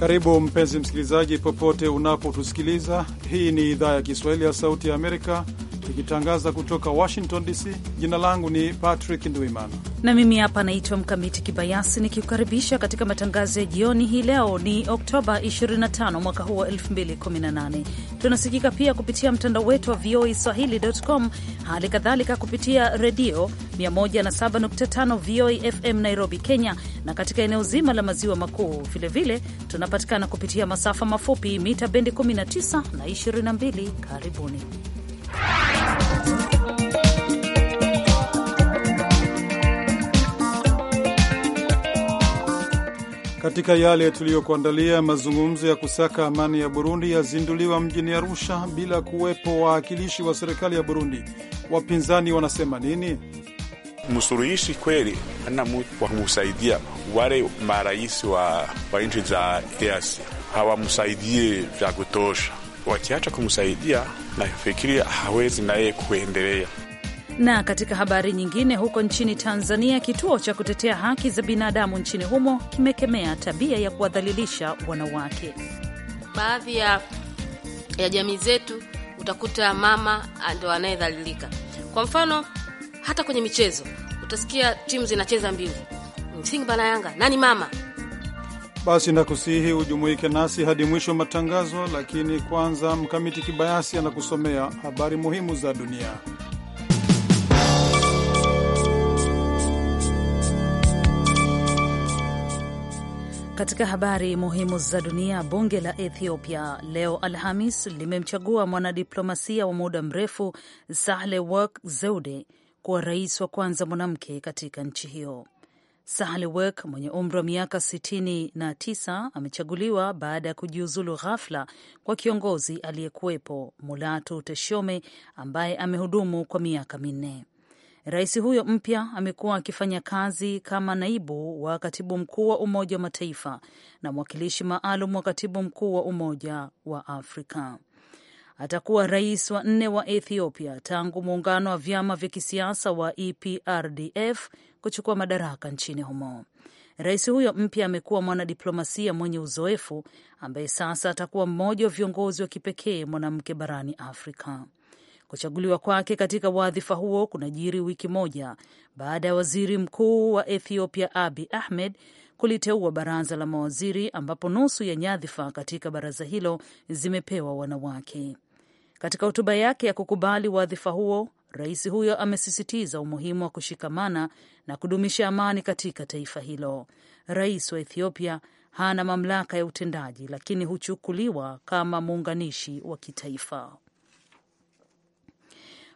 Karibu mpenzi msikilizaji, popote unapotusikiliza. Hii ni idhaa ya Kiswahili ya Sauti ya Amerika, ikitangaza kutoka Washington DC. Jina langu ni Patrick Ndwimana na mimi hapa naitwa Mkamiti Kibayasi nikikukaribisha katika matangazo ya jioni hii. Leo ni Oktoba 25 mwaka huu wa 2018. Tunasikika pia kupitia mtandao wetu wa VOA e Swahili.com, hali kadhalika kupitia redio 107.5 VOA FM Nairobi, Kenya, na katika eneo zima la maziwa makuu. Vilevile tunapatikana kupitia masafa mafupi mita bendi 19 na 22. Karibuni. Katika yale tuliyokuandalia, mazungumzo ya kusaka amani ya Burundi yazinduliwa mjini Arusha bila kuwepo wawakilishi wa serikali ya Burundi. Wapinzani wanasema nini? Msuluhishi kweli hana mtu wa kumsaidia. Wale marais wa, wa nchi za EAC hawamsaidie vya kutosha. Wakiacha kumsaidia, nafikiria hawezi naye kuendelea. Na katika habari nyingine, huko nchini Tanzania, kituo cha kutetea haki za binadamu nchini humo kimekemea tabia ya kuwadhalilisha wanawake. Baadhi ya, ya jamii zetu utakuta mama ndo anayedhalilika. Kwa mfano, hata kwenye michezo utasikia timu zinacheza mbili, Simba na Yanga, nani mama? Basi nakusihi ujumuike nasi hadi mwisho wa matangazo, lakini kwanza Mkamiti Kibayasi anakusomea habari muhimu za dunia. Katika habari muhimu za dunia, bunge la Ethiopia leo Alhamis limemchagua mwanadiplomasia wa muda mrefu Sahle Work Zewde kuwa rais wa kwanza mwanamke katika nchi hiyo. Sahle Work mwenye umri wa miaka 69 amechaguliwa baada ya kujiuzulu ghafla kwa kiongozi aliyekuwepo Mulatu Teshome ambaye amehudumu kwa miaka minne. Rais huyo mpya amekuwa akifanya kazi kama naibu wa katibu mkuu wa Umoja wa Mataifa na mwakilishi maalum wa katibu mkuu wa Umoja wa Afrika. Atakuwa rais wa nne wa Ethiopia tangu muungano wa vyama vya kisiasa wa EPRDF kuchukua madaraka nchini humo. Rais huyo mpya amekuwa mwanadiplomasia mwenye uzoefu ambaye sasa atakuwa mmoja wa viongozi wa kipekee mwanamke barani Afrika. Kuchaguliwa kwake katika wadhifa huo kunajiri wiki moja baada ya waziri mkuu wa Ethiopia Abiy Ahmed kuliteua baraza la mawaziri ambapo nusu ya nyadhifa katika baraza hilo zimepewa wanawake. Katika hotuba yake ya kukubali wadhifa huo, rais huyo amesisitiza umuhimu wa kushikamana na kudumisha amani katika taifa hilo. Rais wa Ethiopia hana mamlaka ya utendaji, lakini huchukuliwa kama muunganishi wa kitaifa.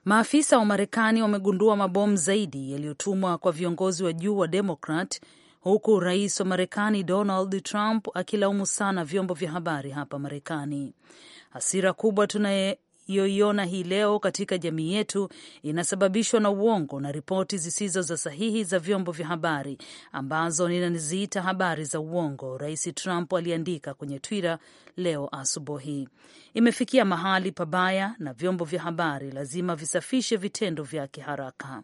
Maafisa wa Marekani wamegundua mabomu zaidi yaliyotumwa kwa viongozi wa juu wa Demokrat, huku rais wa Marekani Donald Trump akilaumu sana vyombo vya habari hapa Marekani. Hasira kubwa tunaye yoiona hii leo katika jamii yetu inasababishwa na uongo na ripoti zisizo za sahihi za vyombo vya habari ambazo ninaziita habari za uongo, Rais Trump aliandika kwenye Twitter leo asubuhi. Imefikia mahali pabaya na vyombo vya habari lazima visafishe vitendo vyake haraka.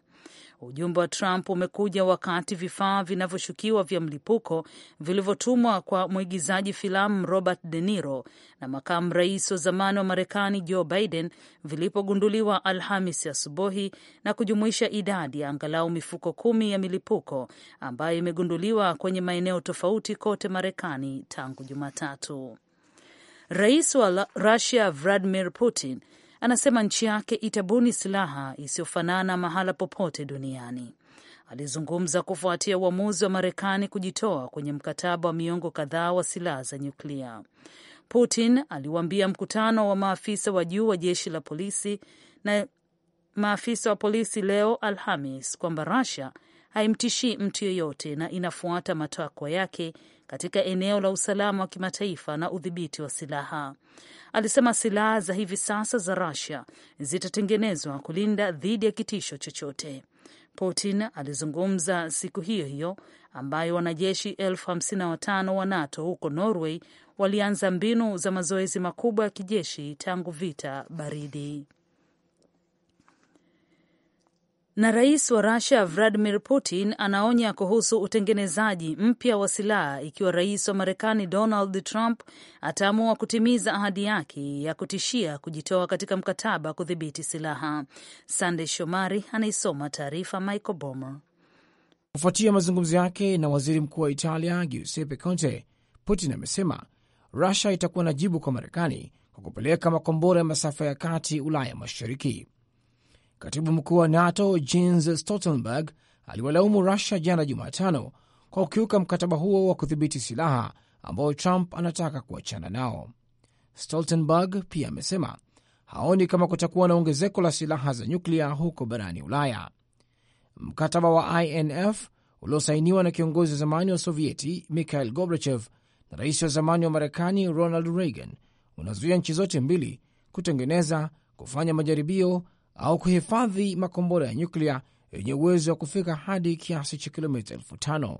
Ujumbe wa Trump umekuja wakati vifaa vinavyoshukiwa vya mlipuko vilivyotumwa kwa mwigizaji filamu Robert De Niro na makamu rais wa zamani wa Marekani Joe Biden vilipogunduliwa Alhamis asubuhi na kujumuisha idadi ya angalau mifuko kumi ya milipuko ambayo imegunduliwa kwenye maeneo tofauti kote Marekani tangu Jumatatu. Rais wa Russia Vladimir Putin anasema nchi yake itabuni silaha isiyofanana mahala popote duniani. Alizungumza kufuatia uamuzi wa Marekani kujitoa kwenye mkataba wa miongo kadhaa wa silaha za nyuklia. Putin aliwaambia mkutano wa maafisa wa juu wa jeshi la polisi na maafisa wa polisi leo Alhamis kwamba Russia haimtishii mtu yeyote na inafuata matakwa yake katika eneo la usalama wa kimataifa na udhibiti wa silaha. Alisema silaha za hivi sasa za Russia zitatengenezwa kulinda dhidi ya kitisho chochote. Putin alizungumza siku hiyo hiyo ambayo wanajeshi elfu hamsini na watano wa NATO huko Norway walianza mbinu za mazoezi makubwa ya kijeshi tangu vita baridi na rais wa Rusia Vladimir Putin anaonya kuhusu utengenezaji mpya wa silaha ikiwa rais wa Marekani Donald Trump ataamua kutimiza ahadi yake ya kutishia kujitoa katika mkataba kudhibiti silaha. Sandey Shomari anaisoma taarifa Michael Bomer. Kufuatia mazungumzo yake na waziri mkuu wa Italia Giuseppe Conte, Putin amesema Rusia itakuwa na jibu kwa Marekani kwa kupeleka makombora ya masafa ya kati Ulaya Mashariki. Katibu mkuu wa NATO Jens Stoltenberg aliwalaumu Rusia jana Jumatano kwa kukiuka mkataba huo wa kudhibiti silaha ambao Trump anataka kuachana nao. Stoltenberg pia amesema haoni kama kutakuwa na ongezeko la silaha za nyuklia huko barani Ulaya. Mkataba wa INF uliosainiwa na kiongozi wa zamani wa Sovieti Mikhail Gorbachev na rais wa zamani wa Marekani Ronald Reagan unazuia nchi zote mbili kutengeneza, kufanya majaribio au kuhifadhi makombora ya nyuklia yenye uwezo wa kufika hadi kiasi cha kilomita elfu tano.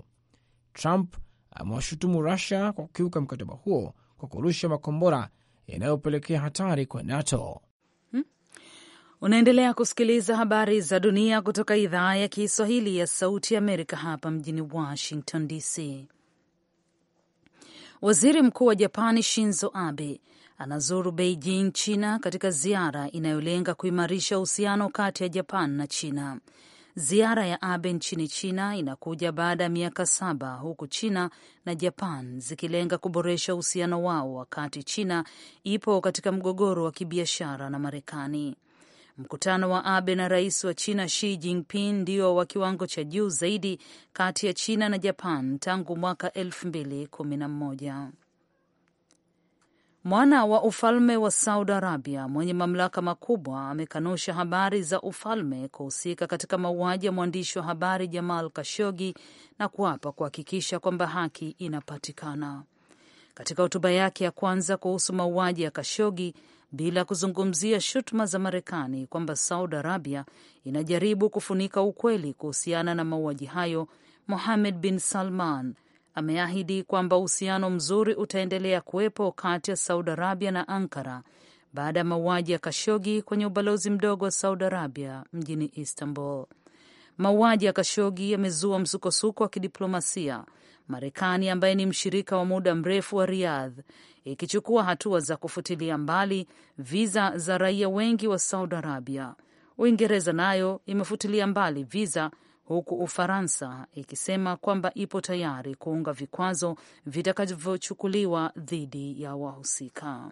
Trump amewashutumu Rusia kwa kukiuka mkataba huo kwa kurusha makombora yanayopelekea hatari kwa NATO. Hmm? Unaendelea kusikiliza habari za dunia kutoka idhaa ya Kiswahili ya Sauti Amerika hapa mjini Washington DC. Waziri Mkuu wa Japani Shinzo Abe anazuru Beijing, China, katika ziara inayolenga kuimarisha uhusiano kati ya Japan na China. Ziara ya Abe nchini China inakuja baada ya miaka saba huku China na Japan zikilenga kuboresha uhusiano wao wakati China ipo katika mgogoro wa kibiashara na Marekani. Mkutano wa Abe na rais wa China Xi Jinping ndio wa kiwango cha juu zaidi kati ya China na Japan tangu mwaka elfu mbili kumi na mmoja. Mwana wa ufalme wa Saudi Arabia mwenye mamlaka makubwa amekanusha habari za ufalme kuhusika katika mauaji ya mwandishi wa habari Jamal Kashogi na kuapa kuhakikisha kwamba haki inapatikana. Katika hotuba yake ya kwanza kuhusu mauaji ya Kashogi, bila kuzungumzia shutuma za Marekani kwamba Saudi Arabia inajaribu kufunika ukweli kuhusiana na mauaji hayo, muhamed bin Salman ameahidi kwamba uhusiano mzuri utaendelea kuwepo kati ya Saudi Arabia na Ankara baada ya mauaji ya Kashogi kwenye ubalozi mdogo wa Saudi Arabia mjini Istanbul. Mauaji ya Kashogi yamezua msukosuko wa kidiplomasia, Marekani ambaye ni mshirika wa muda mrefu wa Riyadh ikichukua hatua za kufutilia mbali viza za raia wengi wa Saudi Arabia. Uingereza nayo imefutilia mbali viza huku Ufaransa ikisema kwamba ipo tayari kuunga vikwazo vitakavyochukuliwa dhidi ya wahusika.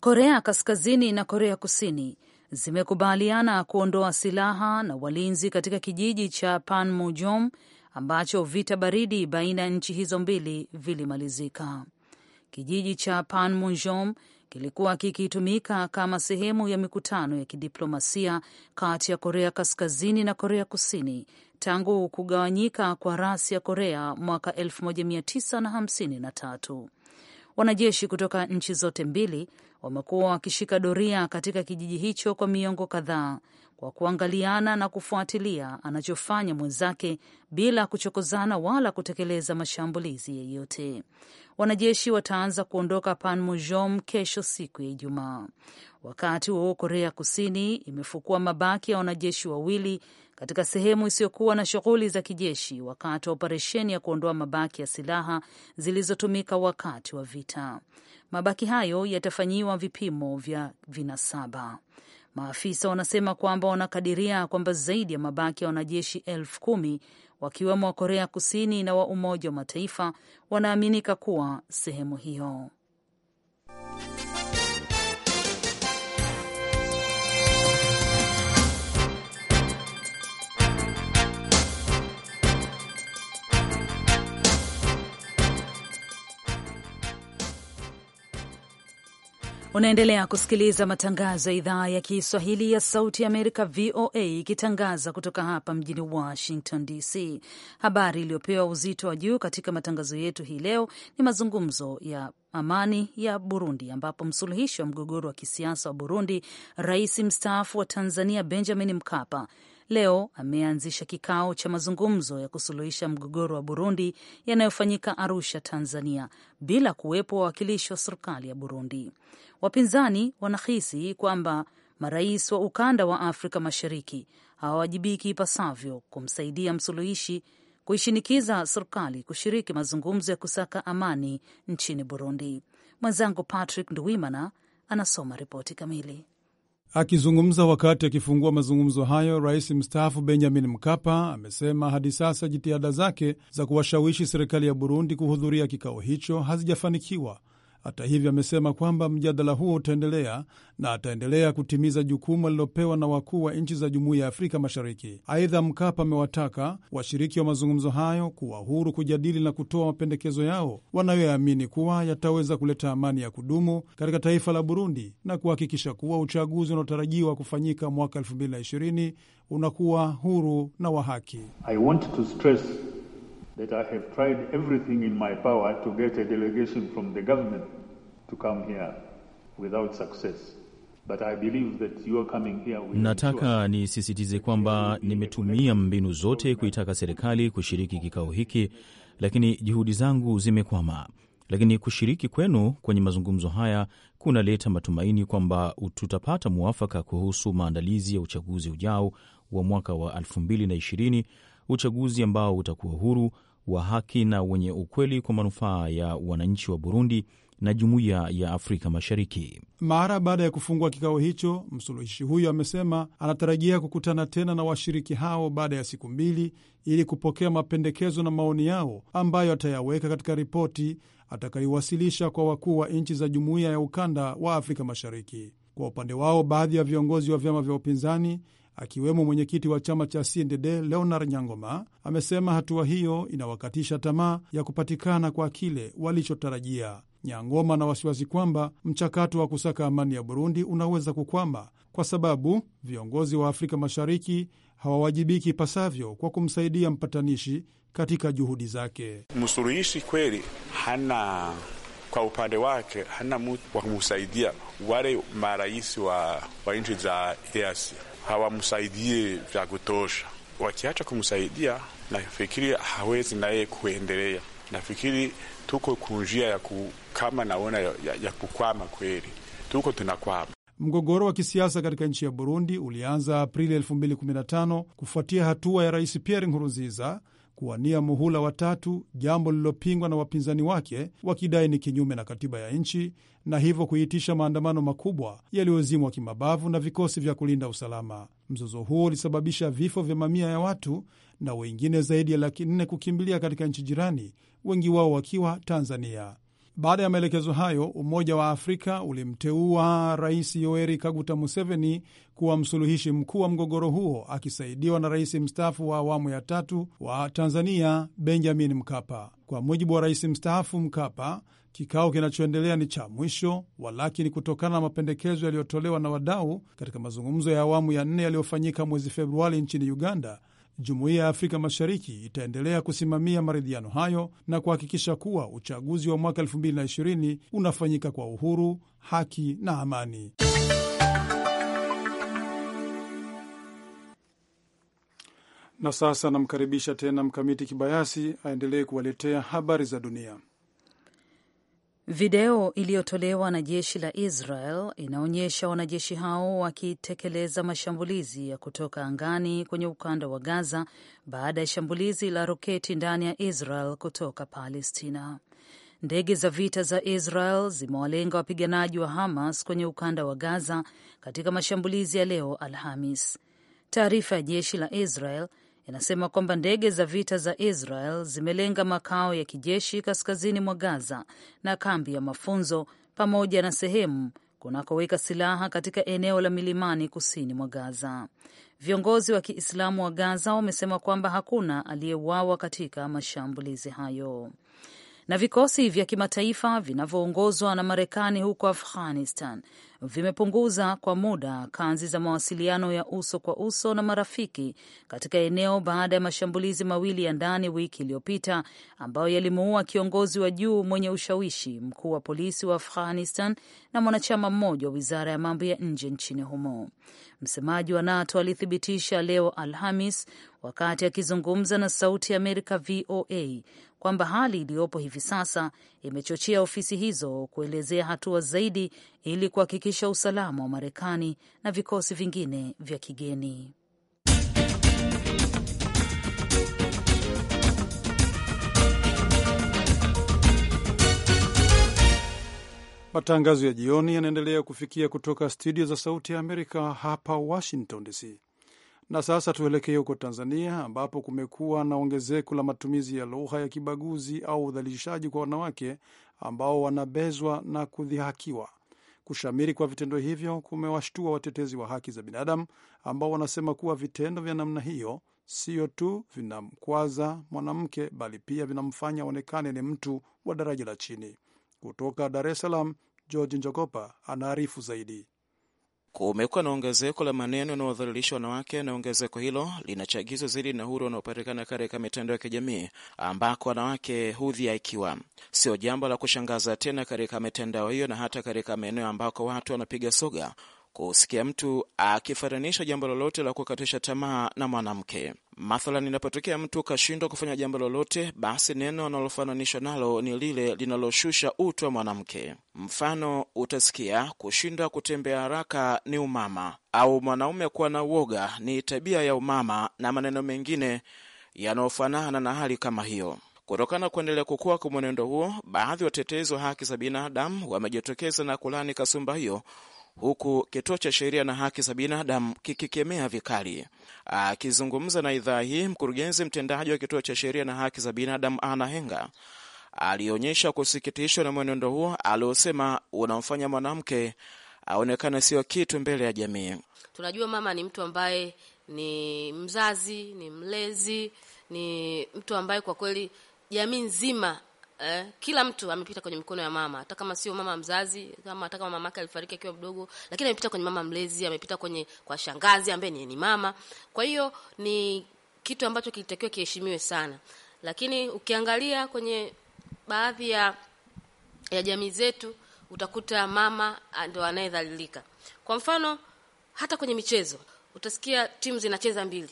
Korea Kaskazini na Korea Kusini zimekubaliana kuondoa silaha na walinzi katika kijiji cha Panmunjom ambacho vita baridi baina ya nchi hizo mbili vilimalizika. Kijiji cha Panmunjom kilikuwa kikitumika kama sehemu ya mikutano ya kidiplomasia kati ya Korea Kaskazini na Korea Kusini tangu kugawanyika kwa rasi ya Korea mwaka 1953. Wanajeshi kutoka nchi zote mbili wamekuwa wakishika doria katika kijiji hicho kwa miongo kadhaa kwa kuangaliana na kufuatilia anachofanya mwenzake bila kuchokozana wala kutekeleza mashambulizi yeyote. Wanajeshi wataanza kuondoka Panmunjom kesho siku ya Ijumaa. Wakati huo Korea Kusini imefukua mabaki ya wanajeshi wawili katika sehemu isiyokuwa na shughuli za kijeshi wakati wa operesheni ya kuondoa mabaki ya silaha zilizotumika wakati wa vita. Mabaki hayo yatafanyiwa vipimo vya vinasaba. Maafisa wanasema kwamba wanakadiria kwamba zaidi ya mabaki ya wanajeshi elfu kumi wakiwemo wa Korea Kusini na wa Umoja wa Mataifa wanaaminika kuwa sehemu hiyo. Unaendelea kusikiliza matangazo ya idhaa ya Kiswahili ya Sauti ya Amerika, VOA, ikitangaza kutoka hapa mjini Washington DC. Habari iliyopewa uzito wa juu katika matangazo yetu hii leo ni mazungumzo ya amani ya Burundi ambapo msuluhishi wa mgogoro wa kisiasa wa Burundi, rais mstaafu wa Tanzania Benjamin Mkapa leo ameanzisha kikao cha mazungumzo ya kusuluhisha mgogoro wa Burundi yanayofanyika Arusha, Tanzania, bila kuwepo wawakilishi wa serikali ya Burundi. Wapinzani wanahisi kwamba marais wa ukanda wa Afrika Mashariki hawawajibiki ipasavyo kumsaidia msuluhishi kuishinikiza serikali kushiriki mazungumzo ya kusaka amani nchini Burundi. Mwenzangu Patrick Nduwimana anasoma ripoti kamili. Akizungumza wakati akifungua mazungumzo hayo, rais mstaafu Benjamin Mkapa amesema hadi sasa jitihada zake za kuwashawishi serikali ya Burundi kuhudhuria kikao hicho hazijafanikiwa hata hivyo, amesema kwamba mjadala huo utaendelea na ataendelea kutimiza jukumu alilopewa na wakuu wa nchi za jumuiya ya Afrika Mashariki. Aidha, Mkapa amewataka washiriki wa mazungumzo hayo kuwa huru kujadili na kutoa mapendekezo yao wanayoyaamini kuwa yataweza kuleta amani ya kudumu katika taifa la Burundi na kuhakikisha kuwa uchaguzi unaotarajiwa kufanyika mwaka 2020 unakuwa huru na wa haki. I want to stress that I have tried everything in my power to get a delegation from the government to come here without success. But I believe that you are coming here with nataka nisisitize kwamba nimetumia mbinu zote kuitaka serikali kushiriki kikao hiki, lakini juhudi zangu zimekwama. Lakini kushiriki kwenu kwenye mazungumzo haya kunaleta matumaini kwamba tutapata mwafaka kuhusu maandalizi ya uchaguzi ujao wa mwaka wa uchaguzi ambao utakuwa huru wa haki na wenye ukweli kwa manufaa ya wananchi wa Burundi na jumuiya ya Afrika Mashariki. Mara baada ya kufungua kikao hicho, msuluhishi huyo amesema anatarajia kukutana tena na washiriki hao baada ya siku mbili ili kupokea mapendekezo na maoni yao ambayo atayaweka katika ripoti atakayowasilisha kwa wakuu wa nchi za jumuiya ya ukanda wa Afrika Mashariki. Kwa upande wao, baadhi ya viongozi wa vyama vya upinzani akiwemo mwenyekiti wa chama cha CNDD Leonard Nyangoma, amesema hatua hiyo inawakatisha tamaa ya kupatikana kwa kile walichotarajia. Nyangoma na wasiwasi kwamba mchakato wa kusaka amani ya Burundi unaweza kukwama kwa sababu viongozi wa Afrika Mashariki hawawajibiki pasavyo kwa kumsaidia mpatanishi katika juhudi zake. Msuluhishi kweli hana kwa upande wake hana mtu wa kumsaidia, wale marais wa, wa nchi za EAC hawamsaidie vya kutosha. Wakiacha kumsaidia, nafikiri hawezi naye kuendelea. Nafikiri tuko kunjia ya kukama, naona ya, ya kukwama kweli, tuko tunakwama. Mgogoro wa kisiasa katika nchi ya Burundi ulianza Aprili 2015 kufuatia hatua ya Rais Pierre Nkurunziza kuwania muhula watatu, jambo lililopingwa na wapinzani wake wakidai ni kinyume na katiba ya nchi na hivyo kuitisha maandamano makubwa yaliyozimwa kimabavu na vikosi vya kulinda usalama. Mzozo huo ulisababisha vifo vya mamia ya watu na wengine zaidi ya laki nne kukimbilia katika nchi jirani, wengi wao wakiwa Tanzania. Baada ya maelekezo hayo, Umoja wa Afrika ulimteua Rais Yoweri Kaguta Museveni kuwa msuluhishi mkuu wa mgogoro huo akisaidiwa na rais mstaafu wa awamu ya tatu wa Tanzania Benjamin Mkapa. Kwa mujibu wa rais mstaafu Mkapa, kikao kinachoendelea ni cha mwisho, walakini kutokana na mapendekezo yaliyotolewa na wadau katika mazungumzo ya awamu ya nne yaliyofanyika mwezi Februari nchini Uganda, Jumuiya ya Afrika Mashariki itaendelea kusimamia maridhiano hayo na kuhakikisha kuwa uchaguzi wa mwaka 2020 unafanyika kwa uhuru, haki na amani. Na sasa namkaribisha tena Mkamiti Kibayasi aendelee kuwaletea habari za dunia. Video iliyotolewa na jeshi la Israel inaonyesha wanajeshi hao wakitekeleza mashambulizi ya kutoka angani kwenye ukanda wa Gaza baada ya shambulizi la roketi ndani ya Israel kutoka Palestina. Ndege za vita za Israel zimewalenga wapiganaji wa Hamas kwenye ukanda wa Gaza katika mashambulizi ya leo Alhamis. Taarifa ya jeshi la Israel inasema kwamba ndege za vita za Israel zimelenga makao ya kijeshi kaskazini mwa Gaza na kambi ya mafunzo pamoja na sehemu kunakoweka silaha katika eneo la milimani kusini mwa Gaza. Viongozi wa Kiislamu wa Gaza wamesema kwamba hakuna aliyeuawa katika mashambulizi hayo na vikosi vya kimataifa vinavyoongozwa na Marekani huko Afghanistan vimepunguza kwa muda kazi za mawasiliano ya uso kwa uso na marafiki katika eneo baada ya mashambulizi mawili ya ndani wiki iliyopita ambayo yalimuua kiongozi wa juu mwenye ushawishi, mkuu wa polisi wa Afghanistan na mwanachama mmoja wa wizara ya mambo ya nje nchini humo. Msemaji wa NATO alithibitisha leo Alhamis wakati akizungumza na Sauti ya Amerika VOA kwamba hali iliyopo hivi sasa imechochea ofisi hizo kuelezea hatua zaidi ili kuhakikisha usalama wa Marekani na vikosi vingine vya kigeni. Matangazo ya jioni yanaendelea kufikia kutoka studio za Sauti ya Amerika hapa Washington DC. Na sasa tuelekee huko Tanzania ambapo kumekuwa na ongezeko la matumizi ya lugha ya kibaguzi au udhalilishaji kwa wanawake ambao wanabezwa na kudhihakiwa. Kushamiri kwa vitendo hivyo kumewashtua watetezi wa haki za binadamu ambao wanasema kuwa vitendo vya namna hiyo sio tu vinamkwaza mwanamke bali pia vinamfanya aonekane ni mtu wa daraja la chini. Kutoka Dar es Salaam, George Njogopa anaarifu zaidi. Kumekuwa na ongezeko la maneno yanaodhalilisha wanawake na ongezeko hilo linachagizwa zaidi na uhuru unaopatikana katika mitandao ya kijamii ambako wanawake hudhiaikiwa. Sio jambo la kushangaza tena katika mitandao hiyo na hata katika maeneo ambako watu wanapiga soga kusikia mtu akifananisha jambo lolote la kukatisha tamaa na mwanamke. Mathalan, inapotokea mtu kashindwa kufanya jambo lolote, basi neno analofananishwa nalo ni lile linaloshusha utu wa mwanamke. Mfano, utasikia kushindwa kutembea haraka ni umama, au mwanaume kuwa na uoga ni tabia ya umama, na maneno mengine yanayofanana na hali kama hiyo. Kutokana kuendelea kukua kwa mwenendo huo, baadhi ya watetezi wa haki za binadamu wamejitokeza na kulani kasumba hiyo, huku kituo cha sheria na haki za binadamu kikikemea vikali. Akizungumza na idhaa hii, mkurugenzi mtendaji wa kituo cha sheria na haki za binadamu Ana Henga alionyesha kusikitishwa na mwenendo huo aliosema unamfanya mwanamke aonekana sio kitu mbele ya jamii. Tunajua mama ni mtu ambaye ni mzazi, ni mlezi, ni mtu ambaye kwa kweli jamii nzima eh, kila mtu amepita kwenye mikono ya mama, hata kama sio mama mzazi, kama hata kama mamake alifariki akiwa mdogo, lakini amepita kwenye mama mlezi, amepita kwenye kwa shangazi ambaye ni, ni mama. Kwa hiyo ni kitu ambacho kilitakiwa kiheshimiwe sana, lakini ukiangalia kwenye baadhi ya ya jamii zetu utakuta mama ah, ndo anayedhalilika. Kwa mfano hata kwenye michezo utasikia timu zinacheza mbili,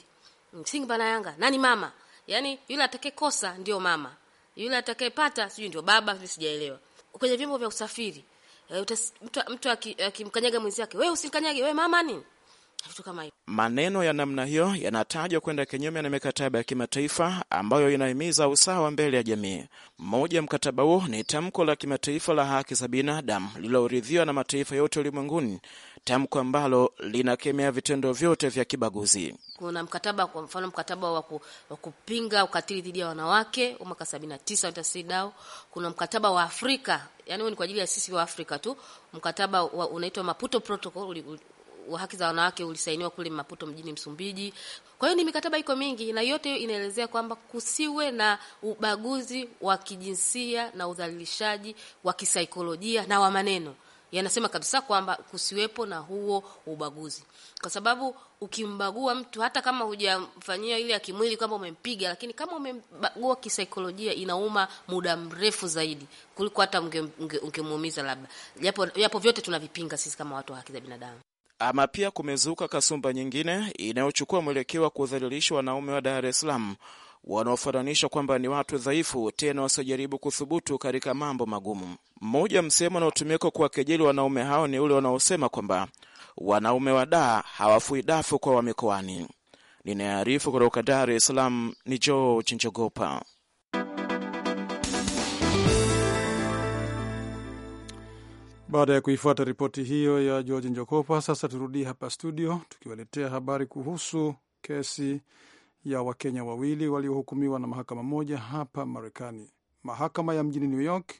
Simba na Yanga, nani mama? Yani yule atakayekosa ndio mama yule atakayepata sijui ndio baba, sijui sijaelewa. Kwenye vyombo vya usafiri eh, mtu akimkanyaga mwenzake, wewe usikanyage wewe mama nini vitu kama hivyo. Maneno ya namna hiyo yanatajwa kwenda kinyume na mikataba ya kimataifa ambayo inahimiza usawa mbele ya jamii. Mmoja ya mkataba huo ni tamko la kimataifa la haki za binadamu lililoridhiwa na mataifa yote ulimwenguni tamko ambalo linakemea vitendo vyote vya kibaguzi. Kuna mkataba, kwa mfano mkataba wa kupinga ukatili dhidi ya wanawake wa mwaka sabini na tisa tasida Kuna mkataba wa Afrika, yani ni kwa ajili ya sisi wa Afrika tu, mkataba unaitwa Maputo Protocol wa haki za wanawake ulisainiwa kule Maputo mjini Msumbiji. Kwa hiyo ni mikataba iko mingi, na yote inaelezea kwamba kusiwe na ubaguzi wa kijinsia na udhalilishaji wa kisaikolojia na wa maneno yanasema kabisa kwamba kusiwepo na huo ubaguzi, kwa sababu ukimbagua mtu hata kama hujamfanyia ile ya kimwili kwamba umempiga, lakini kama umembagua kisaikolojia, inauma muda mrefu zaidi kuliko hata ungemuumiza labda. Japo japo vyote tunavipinga sisi kama watu wa haki za binadamu. Ama pia kumezuka kasumba nyingine inayochukua mwelekeo wa kudhalilisha wanaume wa Dar es Salaam wanaofananisha kwamba ni watu dhaifu, tena wasiojaribu kuthubutu katika mambo magumu. Mmoja msemo unaotumika kuwakejeli wanaume hao ni ule wanaosema kwamba wanaume wa daa hawafui dafu kwa wamikoani. Ninaarifu kutoka Dar es Salaam ni George Njogopa. Baada ya kuifuata ripoti hiyo ya George Njokopa, sasa turudie hapa studio tukiwaletea habari kuhusu kesi ya Wakenya wawili waliohukumiwa na mahakama moja hapa Marekani. Mahakama ya mjini New York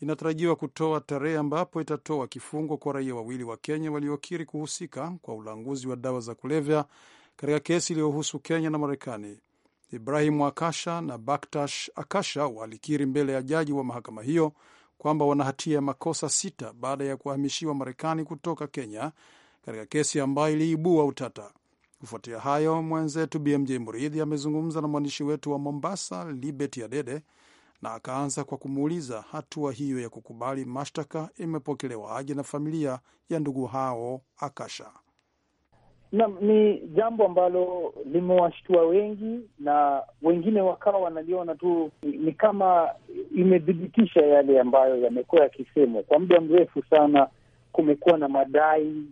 inatarajiwa kutoa tarehe ambapo itatoa kifungo kwa raia wawili wa Kenya waliokiri kuhusika kwa ulanguzi wa dawa za kulevya katika kesi iliyohusu Kenya na Marekani. Ibrahimu Akasha na Baktash Akasha walikiri mbele ya jaji wa mahakama hiyo kwamba wana hatia ya makosa sita baada ya kuhamishiwa Marekani kutoka Kenya katika kesi ambayo iliibua utata. Kufuatia hayo, mwenzetu BMJ Mridhi amezungumza na mwandishi wetu wa Mombasa, Libeti Adede, na akaanza kwa kumuuliza hatua hiyo ya kukubali mashtaka imepokelewa aje na familia ya ndugu hao Akasha. Naam, ni jambo ambalo limewashtua wengi na wengine wakawa wanaliona tu ni kama imethibitisha yale ambayo yamekuwa yakisemwa kwa muda mrefu sana. Kumekuwa na madai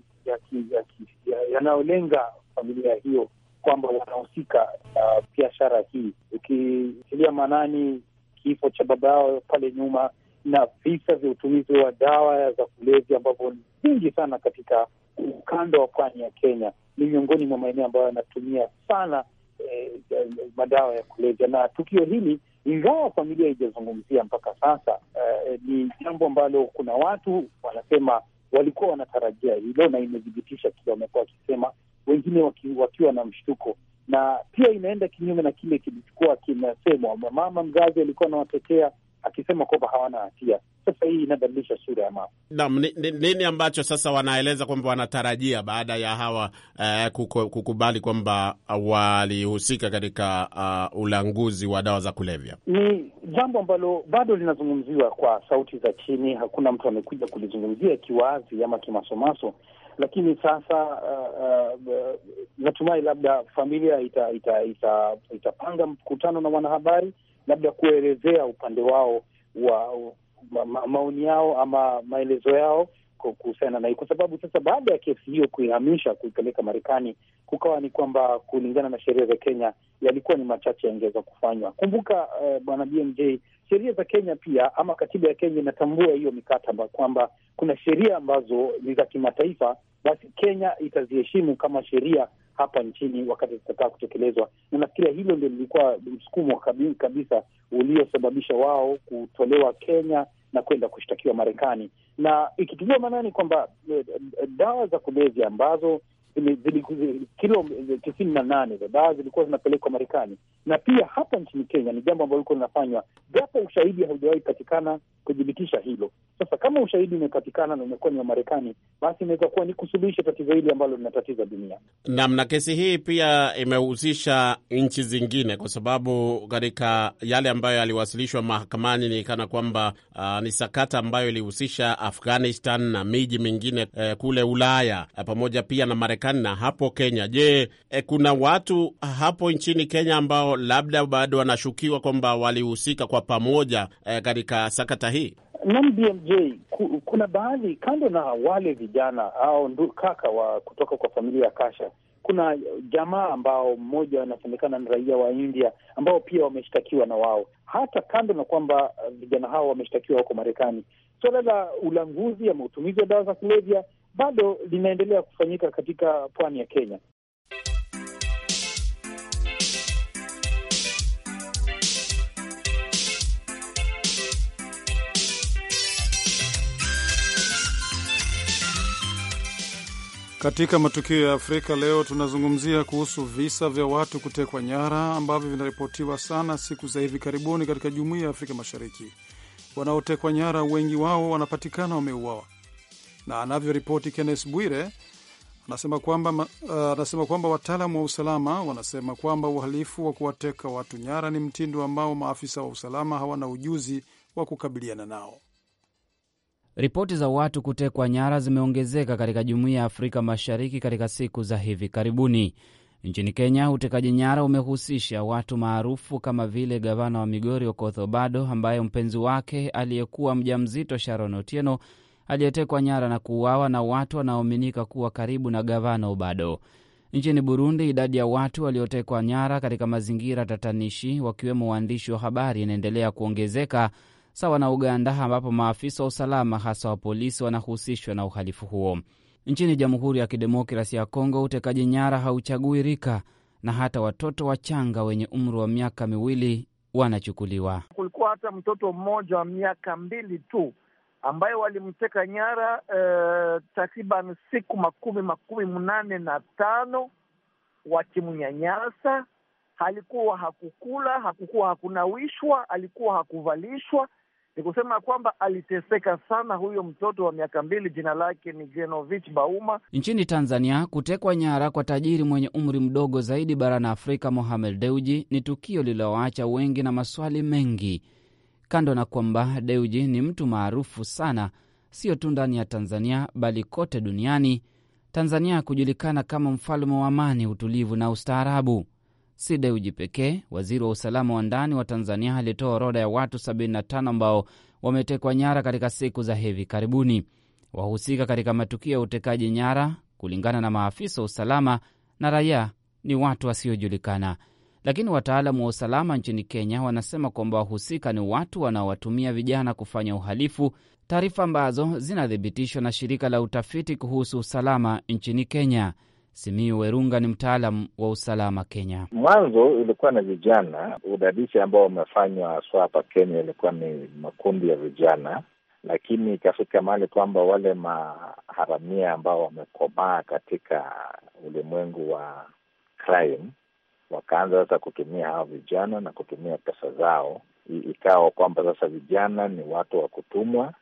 yanayolenga familia hiyo kwamba wanahusika na uh, biashara hii, ukiilia maanani kifo cha baba yao pale nyuma na visa vya utumizi wa dawa za kulevya ambavyo ni vingi sana katika ukanda wa pwani ya Kenya. Ni miongoni mwa maeneo ambayo yanatumia sana eh, madawa ya kulevya, na tukio hili ingawa familia haijazungumzia mpaka sasa eh, ni jambo ambalo kuna watu wanasema walikuwa wanatarajia hilo, na imethibitisha kile wamekuwa wakisema wengine waki, wakiwa na mshtuko, na pia inaenda kinyume na kile kilichokuwa kinasemwa. Mama mzazi alikuwa anawatetea akisema kwamba hawana hatia. Sasa hii inabadilisha sura ya mambo. Naam, nini ambacho sasa wanaeleza kwamba wanatarajia baada ya hawa eh, kukubali kwamba walihusika katika uh, ulanguzi wa dawa za kulevya? Ni jambo ambalo bado linazungumziwa kwa sauti za chini. Hakuna mtu amekuja kulizungumzia kiwazi ama kimasomaso, lakini sasa uh, uh, natumai labda familia itapanga ita, ita, ita mkutano na wanahabari labda kuelezea upande wao wa ma, ma, maoni yao ama maelezo yao kuhusiana na hii, kwa sababu sasa baada ya kesi hiyo kuihamisha kuipeleka Marekani, kukawa ni kwamba kulingana na sheria za Kenya yalikuwa ni machache yangeweza kufanywa. Kumbuka eh, bwana BMJ, sheria za Kenya pia ama katiba ya Kenya inatambua hiyo mikataba kwamba kuna sheria ambazo ni za kimataifa basi Kenya itaziheshimu kama sheria hapa nchini wakati zitataka kutekelezwa, na nafikiria hilo ndio lilikuwa msukumo kabisa uliosababisha wao kutolewa Kenya na kwenda kushtakiwa Marekani, na ikituliwa maanani kwamba eh, eh, dawa za kulevya ambazo kilo eh, tisini na nane za dawa zilikuwa zinapelekwa Marekani na pia hapa nchini Kenya. Ni jambo ambalo liko linafanywa, japo ushahidi haujawahi patikana kuthibitisha hilo. Sasa kama ushahidi umepatikana na umekuwa ni wa Marekani, basi inaweza kuwa ni kusuluhisha tatizo hili ambalo linatatiza dunia nam. Na kesi hii pia imehusisha nchi zingine, kwa sababu katika yale ambayo yaliwasilishwa mahakamani ni kana kwamba uh, ni sakata ambayo ilihusisha Afghanistan na miji mingine uh, kule Ulaya uh, pamoja pia na Marekani Marekani na hapo Kenya. Je, e, kuna watu hapo nchini Kenya ambao labda bado wanashukiwa kwamba walihusika kwa pamoja e, katika sakata hii? Nam BMJ, kuna baadhi kando na wale vijana au ndu kaka wa kutoka kwa familia ya Kasha, kuna jamaa ambao mmoja anasemekana ni raia wa India ambao pia wameshtakiwa na wao, hata kando na kwamba eh, vijana hao wameshtakiwa huko Marekani. Suala so, la ulanguzi ama utumizi wa dawa za kulevya bado linaendelea kufanyika katika pwani ya Kenya. Katika matukio ya Afrika leo tunazungumzia kuhusu visa vya watu kutekwa nyara ambavyo vinaripotiwa sana siku za hivi karibuni katika jumuiya ya Afrika Mashariki. Wanaotekwa nyara wengi wao wanapatikana wameuawa na anavyoripoti Kennes Bwire anasema kwamba, uh, anasema kwamba wataalamu wa usalama wanasema kwamba uhalifu wa kuwateka watu nyara ni mtindo ambao maafisa wa usalama hawana ujuzi wa kukabiliana nao. Ripoti za watu kutekwa nyara zimeongezeka katika jumuiya ya Afrika Mashariki katika siku za hivi karibuni. Nchini Kenya, utekaji nyara umehusisha watu maarufu kama vile gavana wa Migori Okoth Obado, ambaye mpenzi wake aliyekuwa mjamzito Sharon Otieno aliyetekwa nyara na kuuawa na watu wanaoaminika kuwa karibu na gavana Obado. Nchini Burundi, idadi ya watu waliotekwa nyara katika mazingira tatanishi, wakiwemo waandishi wa habari, inaendelea kuongezeka sawa na Uganda, ambapo maafisa wa usalama hasa wa polisi wanahusishwa na uhalifu huo. Nchini Jamhuri ya Kidemokrasi ya Kongo, utekaji nyara hauchagui rika na hata watoto wachanga wenye umri wa miaka miwili wanachukuliwa. Kulikuwa hata mtoto mmoja wa miaka mbili tu ambayo walimteka nyara eh, takriban siku makumi makumi mnane na tano wakimnyanyasa. Alikuwa hakukula, hakukuwa hakunawishwa, alikuwa hakuvalishwa. Ni kusema kwamba aliteseka sana huyo mtoto wa miaka mbili. Jina lake ni Genovich Bauma. Nchini Tanzania, kutekwa nyara kwa tajiri mwenye umri mdogo zaidi barani Afrika, Mohamed Deuji, ni tukio lililoacha wengi na maswali mengi. Kando na kwamba deuji ni mtu maarufu sana, sio tu ndani ya Tanzania bali kote duniani, Tanzania kujulikana kama mfalme wa amani, utulivu na ustaarabu. Si deuji pekee. Waziri wa usalama wa ndani wa Tanzania alitoa orodha ya watu 75 ambao wametekwa nyara katika siku za hivi karibuni. Wahusika katika matukio ya utekaji nyara, kulingana na maafisa wa usalama na raia, ni watu wasiojulikana lakini wataalamu wa usalama nchini Kenya wanasema kwamba wahusika ni watu wanaowatumia vijana kufanya uhalifu, taarifa ambazo zinathibitishwa na shirika la utafiti kuhusu usalama nchini Kenya. Simiu Werunga ni mtaalam wa usalama Kenya. Mwanzo ilikuwa ni vijana, udadisi ambao wamefanywa haswa hapa Kenya ilikuwa ni makundi ya vijana, lakini ikafika mahali kwamba wale maharamia ambao wamekomaa katika ulimwengu wa crime wakaanza sasa kutumia hawa vijana na kutumia pesa zao, ikawa kwamba sasa vijana ni watu wa kutumwa,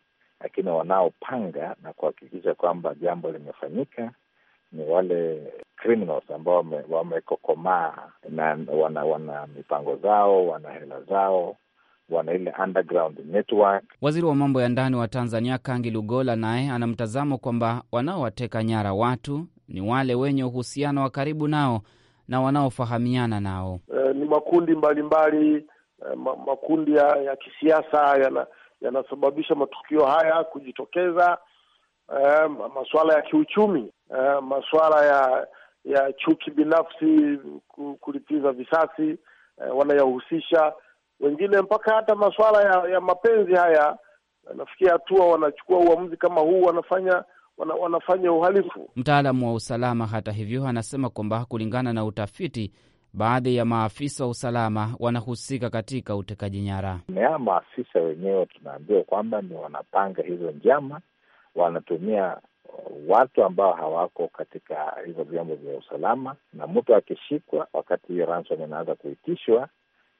lakini wanaopanga na kuhakikisha kwamba jambo limefanyika ni wale criminals ambao wamekokomaa na wana, wana mipango zao, wana hela zao wana ile underground network. Waziri wa mambo ya ndani wa Tanzania Kangi Lugola naye ana mtazamo kwamba wanaowateka nyara watu ni wale wenye uhusiano wa karibu nao na wanaofahamiana nao. E, ni makundi mbalimbali e, mbali, makundi ya, ya kisiasa yanasababisha ya matukio haya kujitokeza. E, masuala ya kiuchumi e, masuala ya ya chuki binafsi, kulipiza visasi e, wanayahusisha wengine mpaka hata masuala ya, ya mapenzi haya. Nafikia hatua wanachukua uamuzi kama huu, wanafanya wana, wanafanya uhalifu. Mtaalamu wa usalama, hata hivyo, anasema kwamba kulingana na utafiti, baadhi ya maafisa wa usalama wanahusika katika utekaji nyara. Aa, maafisa wenyewe tunaambiwa kwamba ni wanapanga hizo njama, wanatumia uh, watu ambao hawako katika hivyo vyombo vya usalama, na mtu akishikwa, wakati hiyo ransom inaanza kuitishwa,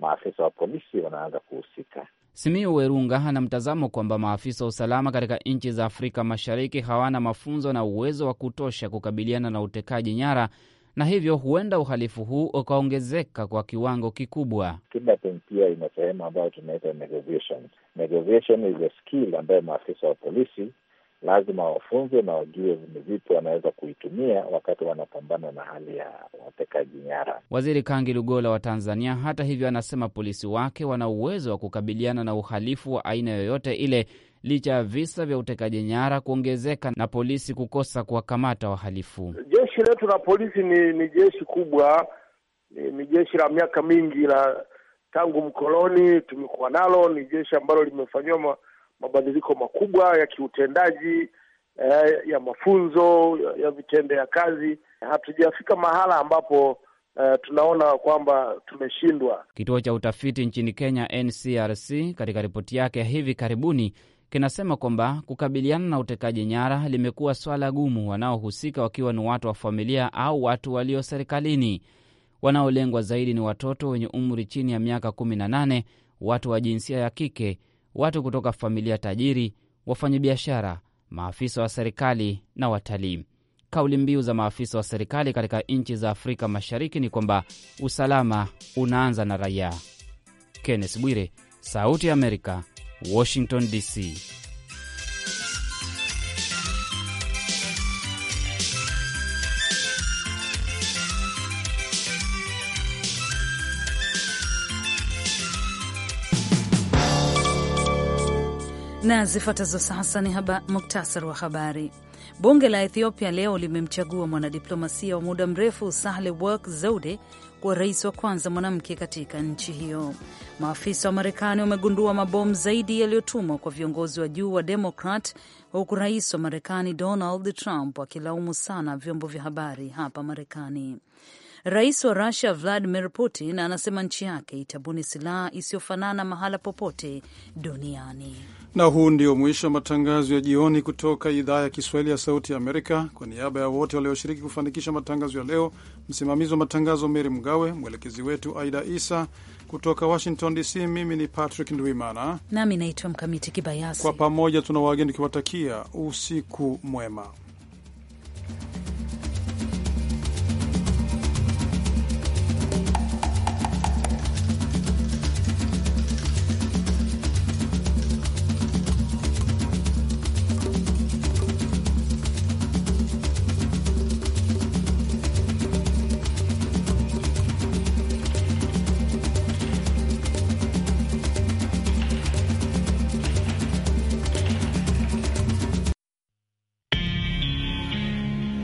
maafisa wa polisi wanaanza kuhusika. Simiu Werunga ana mtazamo kwamba maafisa wa usalama katika nchi za Afrika Mashariki hawana mafunzo na uwezo wa kutosha kukabiliana na utekaji nyara na hivyo huenda uhalifu huu ukaongezeka kwa kiwango kikubwa. Kidnapping pia ina sehemu ambayo tunaita negotiation. Negotiation is a skill ambayo maafisa wa polisi lazima wafunzwe na wajue vipi wanaweza kuitumia wakati wanapambana na hali ya watekaji nyara. Waziri Kangi Lugola wa Tanzania, hata hivyo, anasema polisi wake wana uwezo wa kukabiliana na uhalifu wa aina yoyote ile, licha ya visa vya utekaji nyara kuongezeka na polisi kukosa kuwakamata wahalifu. Jeshi letu la polisi ni, ni jeshi kubwa, ni, ni jeshi la miaka mingi la tangu mkoloni tumekuwa nalo, ni jeshi ambalo limefanyiwa mabadiliko makubwa ya kiutendaji eh, ya mafunzo ya, ya vitendo ya kazi. Hatujafika mahala ambapo eh, tunaona kwamba tumeshindwa. Kituo cha utafiti nchini Kenya NCRC katika ripoti yake ya hivi karibuni kinasema kwamba kukabiliana na utekaji nyara limekuwa swala gumu, wanaohusika wakiwa ni watu wa familia au watu walio serikalini. Wanaolengwa zaidi ni watoto wenye umri chini ya miaka 18, watu wa jinsia ya kike watu kutoka familia tajiri, wafanyabiashara, maafisa wa serikali na watalii. Kauli mbiu za maafisa wa serikali katika nchi za Afrika Mashariki ni kwamba usalama unaanza na raia. Kenneth Bwire, Sauti ya Amerika, Washington DC. na zifuatazo sasa ni haba, muktasari wa habari. Bunge la Ethiopia leo limemchagua mwanadiplomasia wa muda mrefu Sahle Work zaude kuwa rais wa kwanza mwanamke katika nchi hiyo. Maafisa wa Marekani wamegundua mabomu zaidi yaliyotumwa kwa viongozi wa juu wa Demokrat, huku rais wa Marekani Donald Trump akilaumu sana vyombo vya habari hapa Marekani. Rais wa Rusia Vladimir Putin anasema nchi yake itabuni silaha isiyofanana mahala popote duniani. Na huu ndio mwisho wa matangazo ya jioni kutoka idhaa ya Kiswahili ya Sauti ya Amerika. Kwa niaba ya wote walioshiriki kufanikisha matangazo ya leo, msimamizi wa matangazo Meri Mgawe, mwelekezi wetu Aida Isa kutoka Washington DC. Mimi ni Patrick Ndwimana nami naitwa Mkamiti Kibayasi. Kwa pamoja tuna wageni tukiwatakia usiku mwema.